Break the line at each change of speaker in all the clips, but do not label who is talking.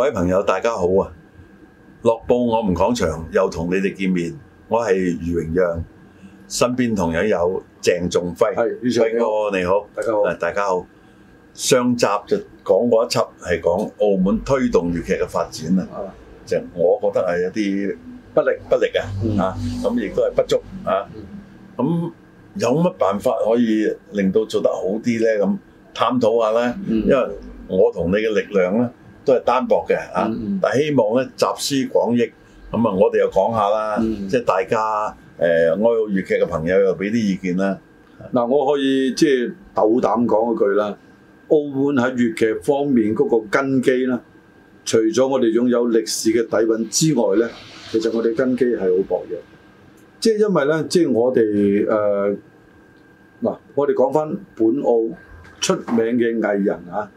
各位朋友，大家好啊！樂報我們講場，又同你哋見面，我係余榮陽，身邊同樣有鄭仲輝，輝哥你好，大家好，大家好。上集就講過一輯，係講澳門推動粵劇嘅發展啊，就我覺得係有啲不力不力啊，吓咁亦都係不足啊，咁有乜辦法可以令到做得好啲咧？咁探討下咧，因為我同你嘅力量咧。都係單薄嘅啊！但係希望咧集思廣益咁啊！嗯、我哋又講下啦，即、嗯、係大家誒、呃、愛好粵劇嘅朋友又俾啲意見啦。嗱、嗯，我可以即係、就是、斗膽講一句啦，澳門喺粵劇方面嗰個根基咧，除咗我哋擁有歷史嘅底蘊之外咧，其實我哋根基係好薄弱。即、就、係、是、因為咧，即、就、係、是、我哋誒嗱，我哋講返本澳出名嘅藝人啊！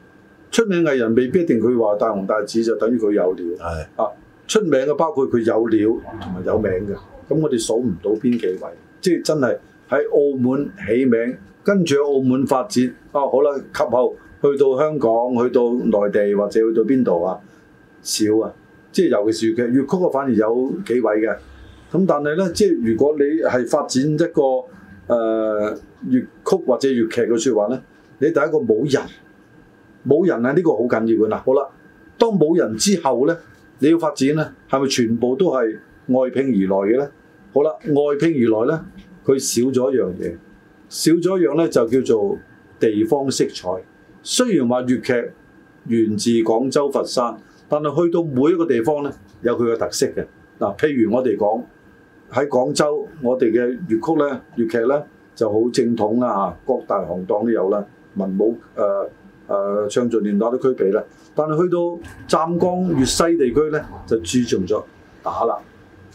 出名藝人未必一定佢話大紅大紫就等於佢有料，是的啊，出名嘅包括佢有料同埋有名嘅，咁我哋數唔到邊幾位，即係真係喺澳門起名，跟住澳門發展，啊好啦，及後去到香港，去到內地或者去到邊度啊少啊，即係尤其是粵劇、粵曲啊，反而有幾位嘅，咁但係呢，即係如果你係發展一個誒粵曲或者粵劇嘅説話呢，你第一個冇人。冇人啊！呢個好緊要㗎嗱，好啦，當冇人之後呢，你要發展呢，係咪全部都係外聘而來嘅呢？好啦，外聘而來呢，佢少咗一樣嘢，少咗一樣呢，就叫做地方色彩。雖然話粵劇源自廣州佛山，但係去到每一個地方呢，有佢嘅特色嘅嗱。譬如我哋講喺廣州，我哋嘅粵曲呢，粵劇呢就好正統啊，各大行當都有啦，文武誒。呃誒、呃、唱做唸打都具備啦，但係去到湛江、粵西地區呢，就注重咗打啦。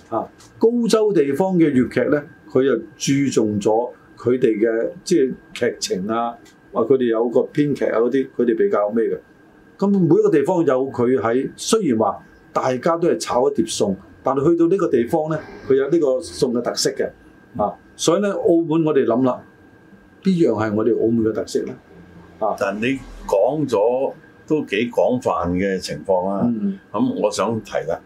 啊，高州地方嘅粵劇呢，佢又注重咗佢哋嘅即係劇情啊，或佢哋有個編劇啊嗰啲，佢哋比較咩嘅。咁每一個地方有佢喺，雖然話大家都係炒一碟餸，但係去到呢個地方呢，佢有呢個餸嘅特色嘅。啊，所以呢，澳門我哋諗啦，呢樣係我哋澳門嘅特色咧。但你講咗都幾廣泛嘅情況啦、啊，咁、嗯嗯、我想提啦，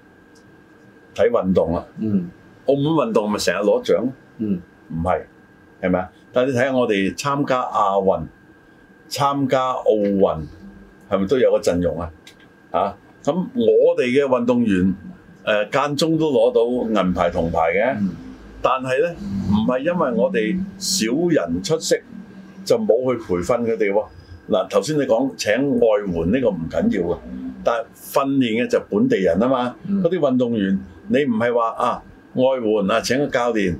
睇運動啦、啊嗯，澳門運動咪成日攞獎？唔、嗯、係，係咪啊？但你睇下我哋參加亞運、參加奧運，係咪都有個陣容啊？嚇、啊！咁我哋嘅運動員誒、呃、間中都攞到銀牌銅牌嘅、嗯，但係咧唔係因為我哋少人出色就冇去培訓佢哋喎。嗱，頭先你講請外援呢個唔緊要啊，但係訓練嘅就本地人啊嘛。嗰啲運動員，你唔係話啊外援啊請個教練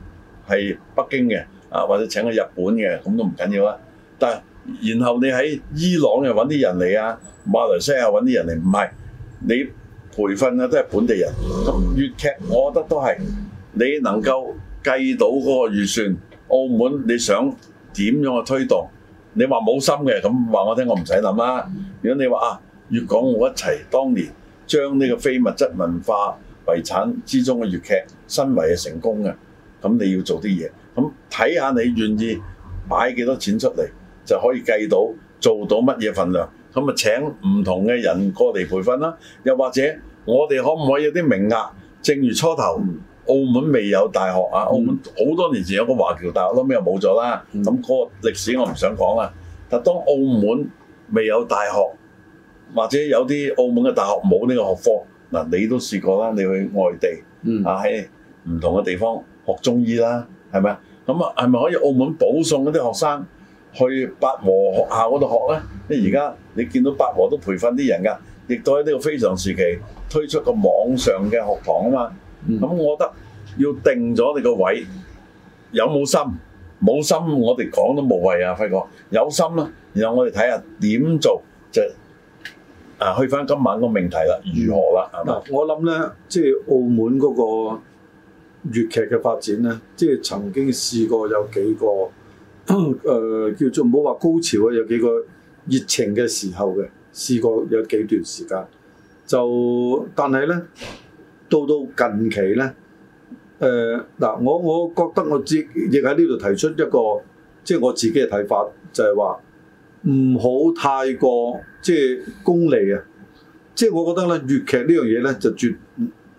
係北京嘅啊，或者請個日本嘅咁都唔緊要啊。但係然後你喺伊朗又搵啲人嚟啊，馬來西亞搵啲人嚟，唔係你培訓啊都係本地人。粵劇我覺得都係，你能夠計到嗰個預算，澳門你想點樣去推動？你話冇心嘅，咁話我聽，我唔使諗啦。如果你話啊，粵港澳一齊，當年將呢個非物質文化遺產之中嘅粵劇申為係成功嘅，咁你要做啲嘢，咁睇下你願意擺幾多錢出嚟，就可以計到做到乜嘢份量。咁啊請唔同嘅人過嚟培訓啦，又或者我哋可唔可以有啲名額？正如初頭。澳門未有大學啊！澳門好多年前有個華僑大學咯，咁咪又冇咗啦。咁、那、嗰個歷史我唔想講啦。但當澳門未有大學，或者有啲澳門嘅大學冇呢個學科，嗱你都試過啦，你去外地啊喺唔同嘅地方學中醫啦，係咪啊？咁啊，係咪可以澳門保送嗰啲學生去八和學校嗰度學咧？現在你而家你見到八和都培訓啲人㗎，亦都喺呢個非常時期推出個網上嘅學堂啊嘛。咁、嗯、我覺得要定咗你個位，有冇心？冇心我哋講都無謂啊，輝哥。有心啦，然後我哋睇下點做，就啊去翻今晚個命題啦，如何啦？啊、嗯，我諗咧，即係澳門嗰個粵劇嘅發展咧，即係曾經試過有幾個誒、呃、叫做唔好話高潮啊，有幾個熱情嘅時候嘅試過有幾段時間，就但係咧。到到近期咧，誒，呃，嗱，我我覺得我亦亦喺呢度提出一個，即係我自己嘅睇法，就係話唔好太過即係功利啊！即係我覺得咧，粵劇呢樣嘢咧就絕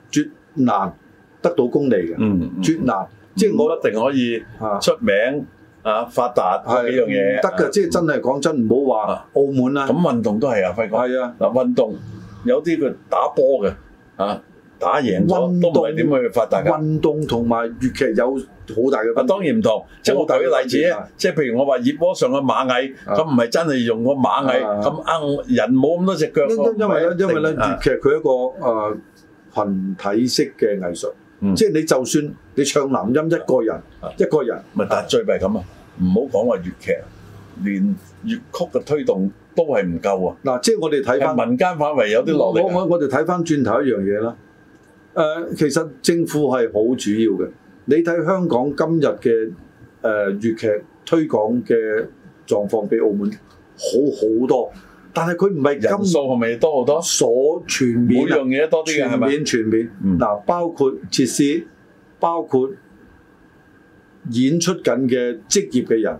絕難得到功利嘅，嗯，嗯，絕難。即係我一定可以出名啊，啊，發達係幾樣嘢得嘅。即係真係講真，唔好話澳門啦，咁運動都係啊，廢鬼啊！嗱，運動有啲佢打波嘅啊。打贏咗都唔係點去發達㗎。運動同埋粵劇有好大嘅。啊當然唔同，即我舉個例子即係譬如我話熱鍋上嘅螞蟻，咁唔係真係用個螞蟻咁奀人冇咁多隻腳。啊啊、因為為因為咧粵劇佢一個誒、啊啊啊、群體式嘅藝術，嗯、即你就算你唱南音一個人、啊，一個人，咪但係最弊係咁啊！唔好講話粵劇，連粵曲嘅推動都係唔夠啊！嗱、啊，即我哋睇翻民間範圍有啲落嚟。我我哋睇翻轉頭一樣嘢啦。誒、呃，其實政府係好主要嘅。你睇香港今日嘅誒粵劇推廣嘅狀況，比澳門好好多。但係佢唔係人數係咪多好多？所全面每樣嘢多啲嘅係咪？全面全面嗱、嗯，包括設施，包括演出緊嘅職業嘅人，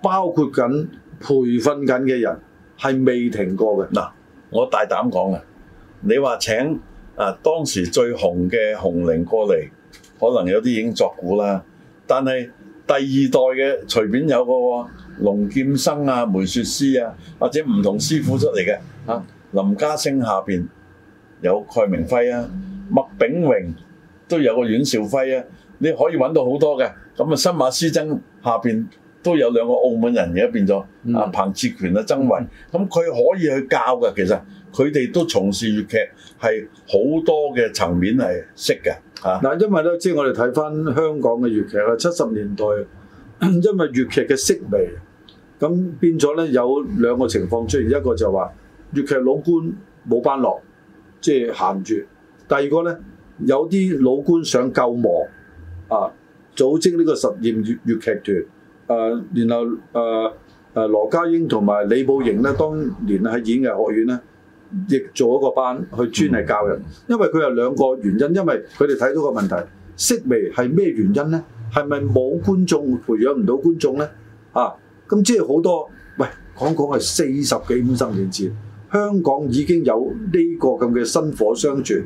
包括緊培訓緊嘅人，係未停過嘅。嗱，我大膽講啊，你話請。啊！當時最紅嘅紅伶過嚟，可能有啲已經作古啦。但係第二代嘅，隨便有個龍劍笙啊、梅雪詩啊，或者唔同師傅出嚟嘅、啊、林家聲下邊有蓋鳴暉啊、麥、嗯、炳榮，都有個阮兆輝啊，你可以揾到好多嘅。咁、嗯、啊，新、嗯、馬師曾下邊都有兩個澳門人而家變咗、啊，啊、嗯、彭志權啊、曾雲，咁、嗯、佢、嗯、可以去教嘅其實。佢哋都從事粵劇，係好多嘅層面係識嘅嚇。嗱、啊，因為咧，即係我哋睇翻香港嘅粵劇啦，七十年代因為粵劇嘅式微，咁變咗咧有兩個情況出現，一個就話粵劇老倌冇班落，即係閒住；第二個咧，有啲老倌想救亡啊，組織呢個實驗粵粵劇團，誒、啊，然後誒誒、啊、羅家英同埋李寶瑩咧，當年喺演藝學院咧。亦做一個班去專係教人，因為佢有兩個原因，因為佢哋睇到個問題，式微係咩原因呢？係咪冇觀眾，培養唔到觀眾呢？啊，咁即係好多，喂，講講係四十幾五十年前，香港已經有呢個咁嘅薪火相傳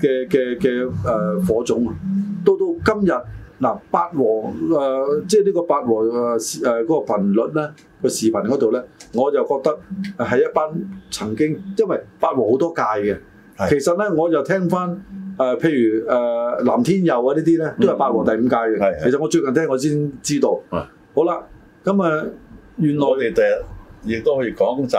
嘅嘅嘅誒火種啊，到到今日。嗱，八和誒、呃，即係呢個八和誒誒嗰個頻率咧個視頻嗰度咧，我就覺得係一班曾經，因為八和好多屆嘅。的其實咧，我就聽翻誒、呃，譬如誒藍、呃、天佑啊呢啲咧，都係八和第五屆嘅。的其實我最近聽我先知道。好啦，咁啊，原來我哋第日亦都可以講集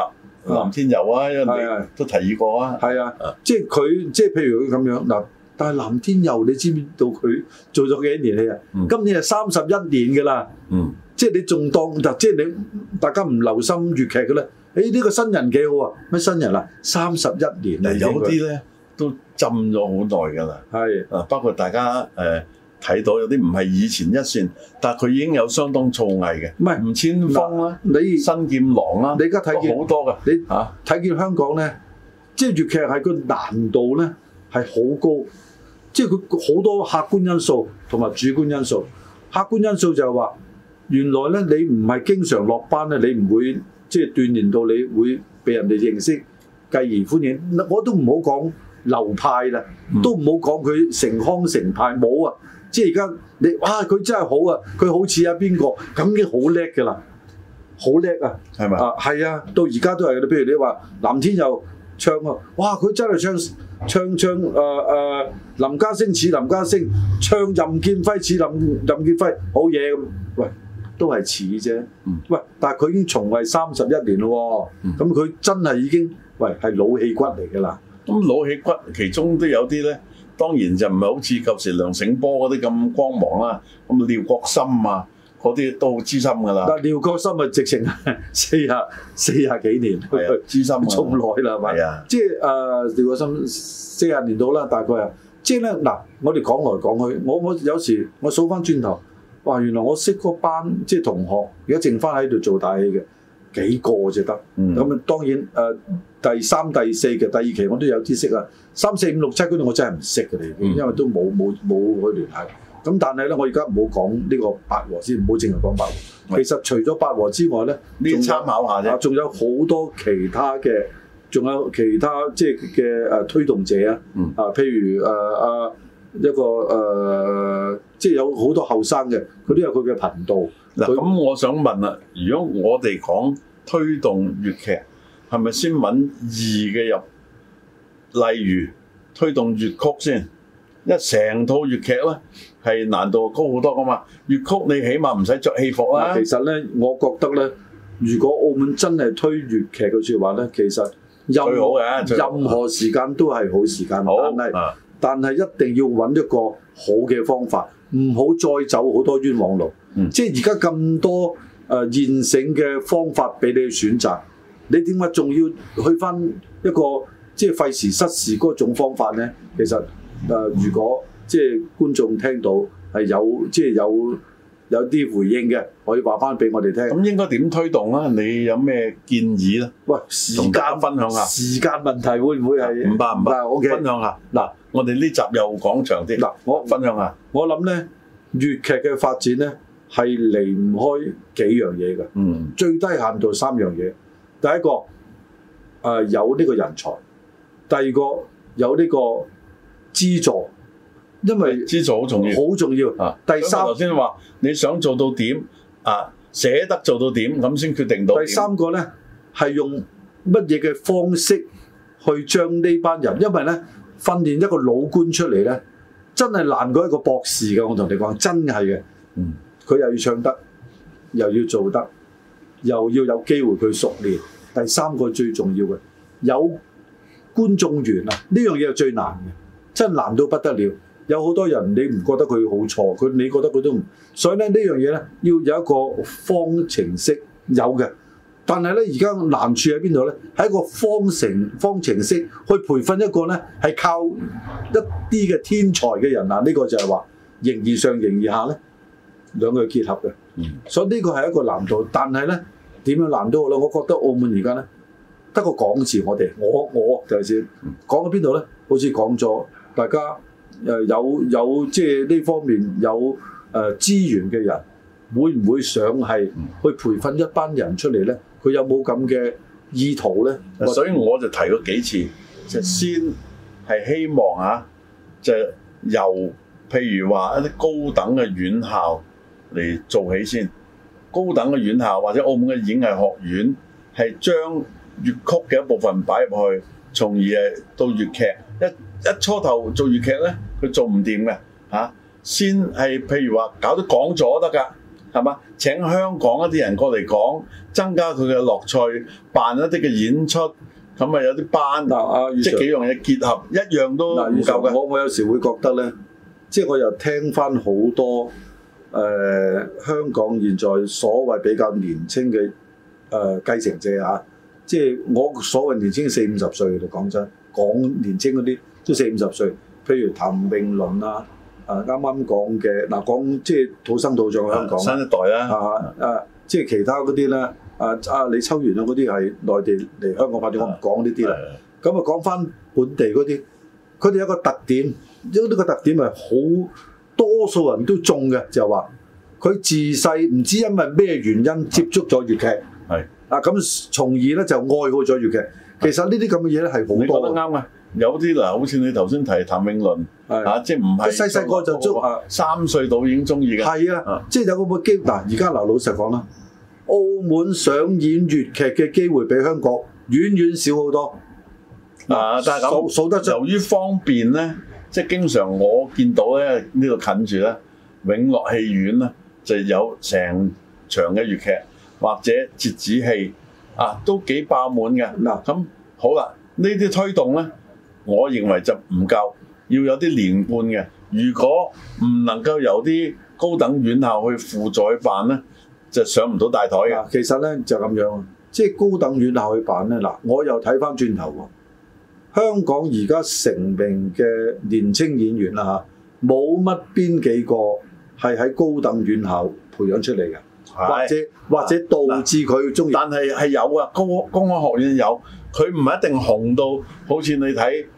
藍天佑啊，因為你都提議過啊。係啊，即係佢即係譬如佢咁樣嗱。呃但係藍天佑，你知唔知道佢做咗幾多年戲啊、嗯？今年係三十一年嘅啦。嗯，即係你仲當，即係你大家唔留心粵劇嘅咧。誒、欸、呢、這個新人幾好啊？咩新人啊？三十一年啊、嗯！有啲咧都浸咗好耐嘅啦。係啊，包括大家誒睇、呃、到有啲唔係以前一線，但係佢已經有相當造詣嘅。唔係吳仟峰啦、啊，你新劍郎啦，你而家睇見好多嘅。你嚇睇見香港咧、啊，即係粵劇係個難度咧係好高。即係佢好多客觀因素同埋主觀因素，客觀因素就係話原來咧你唔係經常落班咧，你唔會即係鍛鍊到你會畀人哋認識繼而歡迎。我都唔好講流派啦，嗯、都唔好講佢成腔成派冇啊。即係而家你哇佢真係好，好啊，佢好似啊邊個咁已經好叻㗎啦，好叻啊！係咪啊？係啊，到而家都係。你譬如你話藍天佑。唱啊！哇！佢真係唱唱唱誒誒、呃呃、林家聲似林家聲，唱任劍輝似任任劍輝，好嘢咁。喂，都係似啫。喂，但係佢已經從藝三十一年咯喎。咁佢真係已經喂係老戲骨嚟㗎啦。咁老戲骨其中都有啲咧，當然就唔係好似舊時梁醒波嗰啲咁光芒啦。咁廖國森啊！嗰啲都好資深㗎啦。嗱，廖國深啊，直情四十四十幾年，資深咁耐啦，係咪？啊，啊啊即係誒、呃，廖國深四十年到啦，大概啊，即係咧嗱，我哋講來講去，我我有時我數翻轉頭，哇，原來我識嗰班即係同學，而家剩翻喺度做大戲嘅幾個就得。咁啊，當然誒、呃，第三、第四嘅第二期我都有知識啊，三四五六七嗰啲我真係唔識嘅嚟，嗯、因為都冇冇冇去聯繫。咁但係咧，我而家唔好講呢個八和先，唔好淨係講八和。其實除咗八和之外咧，你參考下仲有好多其他嘅，仲有其他即係嘅誒推動者啊。嗯。啊，譬如誒啊，啊一個誒，即、啊、係、就是、有好多後生嘅，佢都有佢嘅頻道。嗱，咁我想問啊，如果我哋講推動粵劇，係咪先揾易嘅入？例如推動粵曲先。一成套粵劇咧，係難度高好多噶嘛。粵曲你起碼唔使着戲服啦、啊。其實咧，我覺得咧，如果澳門真係推粵劇嘅説話咧，其實任何最好嘅最好任何時間都係好時間，嗯、但係、嗯、但係一定要揾一個好嘅方法，唔好再走好多冤枉路。嗯、即係而家咁多誒、呃、現成嘅方法俾你選擇，你點解仲要去返一個即係費時失事嗰種方法咧？其實誒、嗯，如果即係觀眾聽到係有即係有有啲回應嘅，可以話翻俾我哋聽。咁應該點推動咧？你有咩建議咧？喂，時間分享下。時間問題會唔會係？唔怕唔怕，分享下。嗱、nah，我哋呢集又講長啲。嗱，我分享下。我諗咧，粵劇嘅發展咧係離唔開幾樣嘢㗎。嗯。最低限度三樣嘢。第一個誒、呃、有呢個人才。第二個有呢、這個，資助，因為資助好重要，好重要啊。第三，頭先話你想做到點啊，捨得做到點，咁先決定到。第三個呢係用乜嘢嘅方式去將呢班人，因為呢訓練一個老官出嚟，呢，真係難過一個博士噶。我同你講，真係嘅，嗯，佢又要唱得，又要做得，又要有機會去熟練。第三個最重要嘅有觀眾緣啊，呢樣嘢係最難嘅。真係難到不得了，有好多人你唔覺得佢好錯，佢你覺得佢都，唔。所以咧呢這樣嘢咧要有一個方程式有嘅，但係咧而家難處喺邊度咧？喺一個方程方程式去培訓一個咧係靠一啲嘅天才嘅人嗱，呢、啊呢個就係話形而上，形而下咧兩個結合嘅、嗯，所以呢個係一個難度，但係咧點樣難都好啦，我覺得澳門而家咧得個講字我哋，我我就係先講到邊度咧？好似講咗。大家誒有有即係呢方面有誒、呃、資源嘅人，會唔會想係去培訓一班人出嚟呢？佢有冇咁嘅意圖呢？所以我就提過幾次，嗯、就先係希望嚇、啊，就由譬如話一啲高等嘅院校嚟做起先，高等嘅院校或者澳門嘅演藝學院係將粵曲嘅一部分擺入去，從而到粵劇一。一初頭做粵劇咧，佢做唔掂嘅嚇，先係譬如話搞啲講座得㗎，係嘛？請香港一啲人過嚟講，增加佢嘅樂趣，辦一啲嘅演出，咁咪有啲班、啊、即係幾樣嘢結合，啊、Sir，一樣都唔夠嘅。我、啊、我有時會覺得咧，即係我又聽翻好多誒、呃、香港現在所謂比較年青嘅誒繼承者嚇、啊，即係我所謂年青四五十歲嚟講真講年青嗰啲。都四五十歲，譬如譚詠麟啦，啊，啱啱講嘅嗱，講即係土生土長喺香港，新一代啦、啊，啊，即、啊、係、啊、其他嗰啲啦，啊，啊，李秋元啊嗰啲係內地嚟香港發展，啊、我唔講呢啲啦。咁，啊，講翻本地嗰啲，佢哋有一個特點，因為呢個特點係好多數人都中嘅，就係話佢自細唔知因為咩原因接觸咗粵劇，係啊咁，從而咧就愛好咗粵劇是。其實呢啲咁嘅嘢咧係好多的，你啱啊！有啲嗱，好似你頭先提譚詠麟，係啊，即係唔係細細個就中三歲到已經中意嘅。係啊，即係有個機會。嗱，而家劉老實講啦，澳門上演粵劇嘅機會比香港遠遠少好多。嗱、啊，但係數，數得出。由於方便咧，即係經常我見到咧，這裡呢度近住咧，永樂戲院咧就有成場嘅粵劇或者折子戲啊，都幾爆滿嘅。嗱、啊，咁好啦，呢啲推動咧。我認為就唔夠，要有啲連貫嘅。如果唔能夠由啲高等院校去負載辦呢，就上唔到大台嘅。其實呢，就咁樣，即係高等院校去辦呢嗱，我又睇翻轉頭喎。香港而家成名嘅年青演員啦嚇，冇乜邊幾個係喺高等院校培養出嚟嘅，或者或者導致佢中意。但係係有啊，高公，公開學院有，佢唔係一定紅到好似你睇，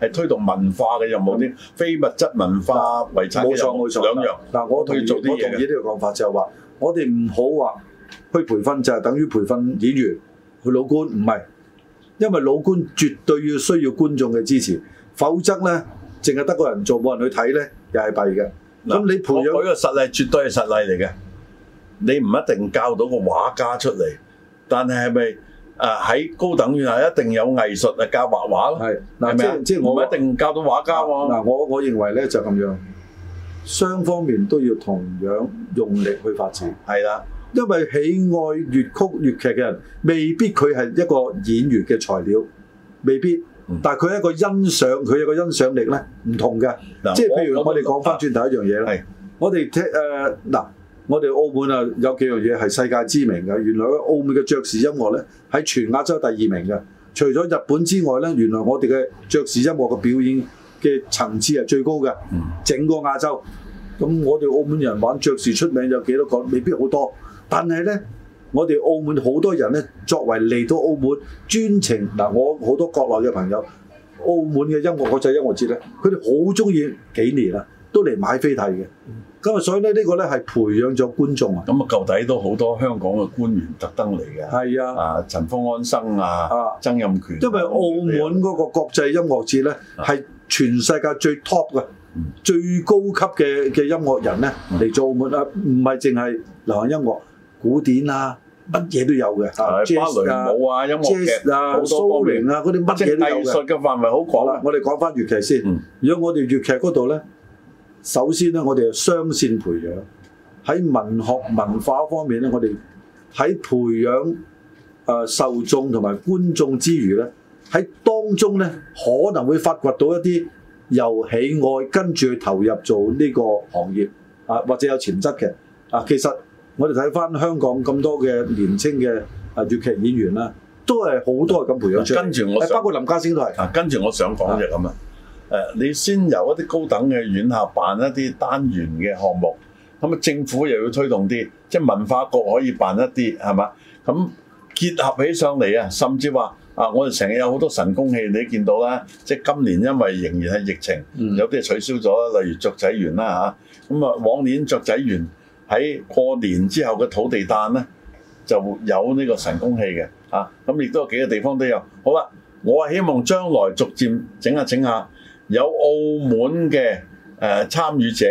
係推動文化嘅任務，啲非物質文化遺產。冇錯，冇錯。兩樣。嗱，我同做啲，我同意呢個講法、就係，就係話我哋唔好話去培訓就係、係、等於培訓演員去老官唔係，因為老官絕對要需要觀眾嘅支持，否則咧，淨係得個人做冇人去睇咧，又係弊嘅。咁你培養佢舉個實例，絕對係實例嚟嘅。你唔一定教到個畫家出嚟，但係係咪？誒喺高等院校一定有藝術啊，教畫畫咯。係，嗱，即即我唔一定教到畫家喎。嗱，我我認為咧就咁樣，雙方面都要同樣用力去發展。係啦，因為喜愛粵曲粵劇嘅人，未必佢係一個演員嘅材料，未必。嗯、但係佢一個欣賞，佢有個欣賞力咧，唔同嘅。即係譬如我哋講翻轉第一樣嘢啦。係，我哋誒嗱。Uh, 我哋澳門啊，有幾樣嘢係世界知名嘅。原來澳門嘅爵士音樂呢，喺全亞洲第二名嘅，除咗日本之外呢，原來我哋嘅爵士音樂嘅表演嘅層次係最高嘅，整個亞洲。咁我哋澳門人玩爵士出名有幾多個？未必好多。但係呢，我哋澳門好多人呢，作為嚟到澳門專程嗱，我好多國內嘅朋友，澳門嘅音樂國際音樂節呢，佢哋好中意幾年啦，都嚟買飛睇嘅。咁啊，所以咧呢個咧係培養咗觀眾啊！咁啊，舊底都好多香港嘅官員特登嚟嘅。係啊，啊陳方安生啊，啊，曾蔭權、啊。因為澳門嗰個國際音樂節咧，係、啊、全世界最 top 嘅、嗯、最高級嘅嘅音樂人咧嚟做。澳門啊，唔係淨係流行音樂，古典啊，乜嘢都有嘅。係芭蕾舞啊，啊，啊，音樂劇啊，蘇寧啊，嗰啲乜嘢都有嘅。範圍好廣、啊。我哋講翻粵劇先。嗯、如果我哋粵劇嗰度咧？首先咧，我哋係雙線培養，喺文學文化方面咧，我哋喺培養誒受眾同埋觀眾之餘咧，喺當中咧可能會發掘到一啲由喜愛跟住去投入做呢個行業啊，或者有潛質嘅啊。其實我哋睇翻香港咁多嘅年青嘅啊粵劇演員啦，都係好多係咁培養出嚟。跟住我，包括林家星都係啊，跟住我想講嘅咁啦。啊誒，你先由一啲高等嘅院校辦一啲單元嘅項目，咁啊政府又要推動啲，即係文化局可以辦一啲，係嘛？咁結合起上嚟啊，甚至話啊，我哋成日有好多神功戲，你見見到啦。即係今年因為仍然係疫情，嗯、有啲係取消咗啦，例如雀仔園啦嚇。咁啊，往年雀仔園喺過年之後嘅土地誕咧就有呢個神功戲嘅嚇，咁亦都有幾個地方都有。好啦，我係希望將來逐漸整下整下。有澳門嘅誒、呃、參與者，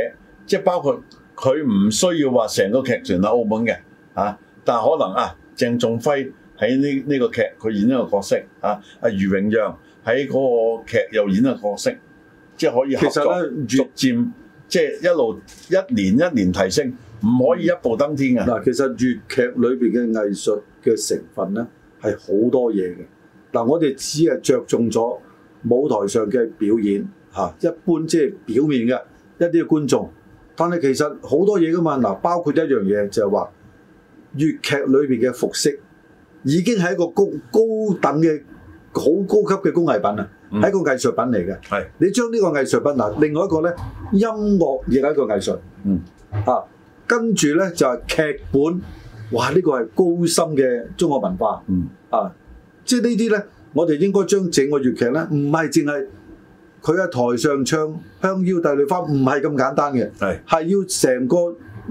即係包括佢唔需要話成個劇團喺澳門嘅嚇、啊，但係可能啊，鄭仲輝喺呢呢個劇佢演一個角色啊，阿余永陽喺嗰個劇又演一個角色，即係可以合作，其實逐漸即係一路一年一年提升，唔可以一步登天嘅。嗱、嗯，其實粵劇裏邊嘅藝術嘅成分咧係好多嘢嘅，嗱我哋只係着重咗。舞台上嘅表演嚇，一般即係表面嘅一啲嘅觀眾，但係其實好多嘢噶嘛嗱，包括一樣嘢就係話粵劇裏邊嘅服飾已經係一個高高等嘅好高級嘅工藝品啊，係、嗯、一個藝術品嚟嘅。係你將呢個藝術品嗱，另外一個咧音樂亦係一個藝術。嗯啊，跟住咧就係劇本，哇！呢個係高深嘅中國文化。嗯啊，即係呢啲咧。我哋應該將整個粵劇咧，唔係淨係佢喺台上唱香腰帝女花，唔係咁簡單嘅。係係要成個，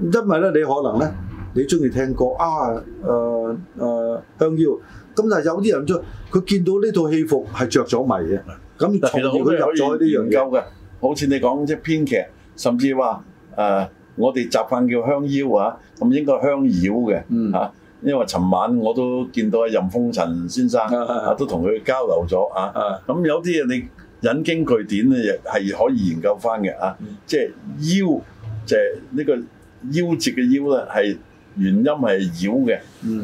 因為咧你可能咧，你中意聽歌啊，誒誒香腰，咁但係有啲人就佢見到呢套戲服係著咗迷嘅。咁仲要佢入咗一啲研究嘅，好似你講即係編劇，甚至話誒我哋習慣叫香腰啊，咁應該香夭嘅，嗯啊。因為尋晚我都見到阿任風塵先生啊，都同佢交流咗啊。咁有啲嘢你引經據典咧，係可以研究翻嘅啊。即、就、係、是、腰就呢、是、個腰折嘅腰咧，係原音係妖嘅。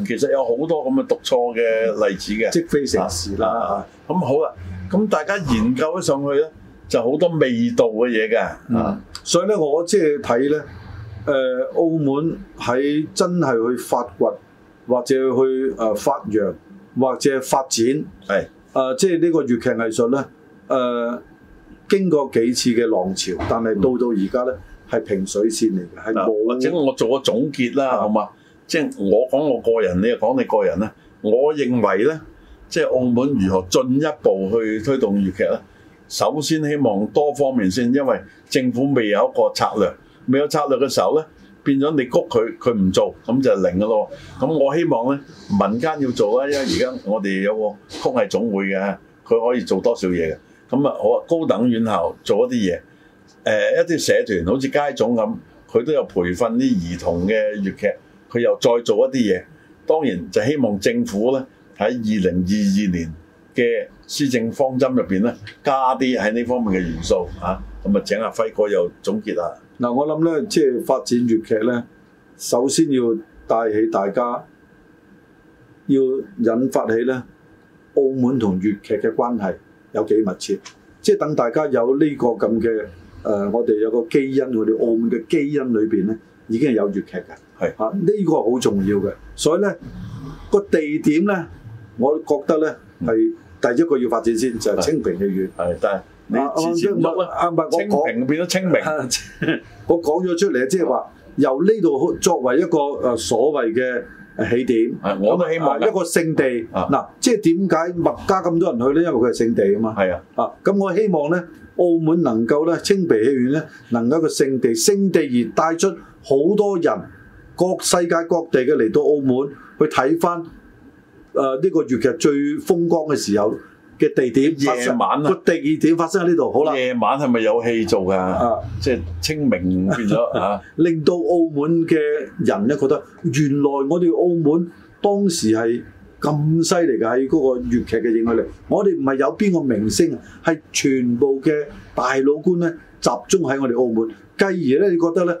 其實有好多咁嘅讀錯嘅例子嘅，嗯，積非成事啦。咁、啊、好啦，咁大家研究咗上去咧，嗯，就好多味道嘅嘢嘅啊。所以咧，我即係睇咧，誒，澳門喺真係去發掘。或者去誒發揚或者發展，係誒即係呢個粵劇藝術咧誒、呃，經過幾次嘅浪潮，但係到到而家咧係平水線嚟嘅，係冇，或者我做個總結啦，啊、好嘛？即係我講我個人，你又講你個人啦。我認為咧，即係澳門如何進一步去推動粵劇咧，首先希望多方面先，因為政府未有一個策略，未有策略嘅時候咧。變咗你谷佢，佢唔做，咁就零噶咯。咁我希望呢，民間要做啦，因為而家我哋有個曲藝總會嘅，佢可以做多少嘢嘅。咁啊，高等院校做一啲嘢，誒、呃、一啲社團，好似街總咁，佢都有培訓啲兒童嘅粵劇，佢又再做一啲嘢。當然就希望政府呢，喺二零二二年，嘅施政方針入邊咧，加啲喺呢方面嘅元素嚇，咁啊，請阿輝哥又總結下嗱。我諗咧，即係發展粵劇咧，首先要帶起大家，要引發起咧澳門同粵劇嘅關係有幾密切，即係等大家有呢個咁嘅誒，我哋有個基因，我哋澳門嘅基因裏邊咧，已經係有粵劇嘅。係啊，呢個好重要嘅，所以咧，個地點咧，我覺得咧係。嗯，是第一個要發展先就係、是、清平戲院，係，但係你清平變咗清明， 我講咗出嚟，即係話由呢度作為一個誒所謂嘅起點，我啊希望一個聖地，嗱、啊，即係點解麥加咁多人去咧？因為佢係聖地啊嘛，係啊，啊，咁我希望咧，澳門能夠咧，清平戲院咧，能夠一個聖地，聖地而帶出好多人各世界各地嘅嚟到澳門去睇翻。誒、呃、呢、這個粵劇最風光嘅時候嘅地點，夜晚啊個地點發生喺呢度，好啦。夜晚係咪有戲做㗎？啊，即、就、係、是、清明變咗嚇、 啊，令到澳門嘅人咧覺得，原來我哋澳門當時係咁犀利嘅，喺嗰個粵劇嘅影響力。我哋唔係有邊個明星，係全部嘅大老倌咧集中喺我哋澳門。繼而咧，你覺得咧？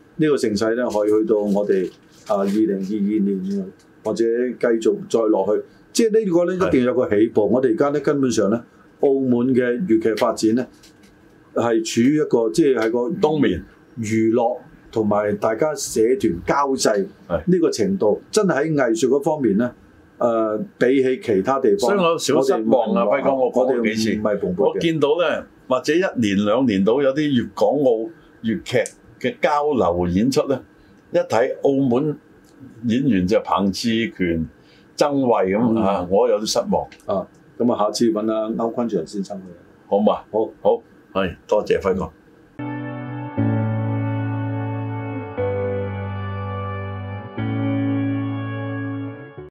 呢、這個盛勢咧可以去到我哋啊二零二二年或者繼續再落去，即係呢個咧一定有一個起步。我哋而家咧根本上咧，澳門嘅粵劇發展咧係處於一個即係係個娛樂冬眠，娛樂同埋大家社團交際呢個程度。真係喺藝術嗰方面咧，誒、呃、比起其他地方，所以我少失望啊！唔係我講幾次，我，我見到咧或者一年兩年到有啲粵港澳粵劇。嘅交流演出咧，一睇澳門演員就彭志權、曾慧咁啊，我有啲失望。嗯、啊，咁啊，下次揾阿歐君祥先生好唔好啊？好，好，係，多謝輝哥。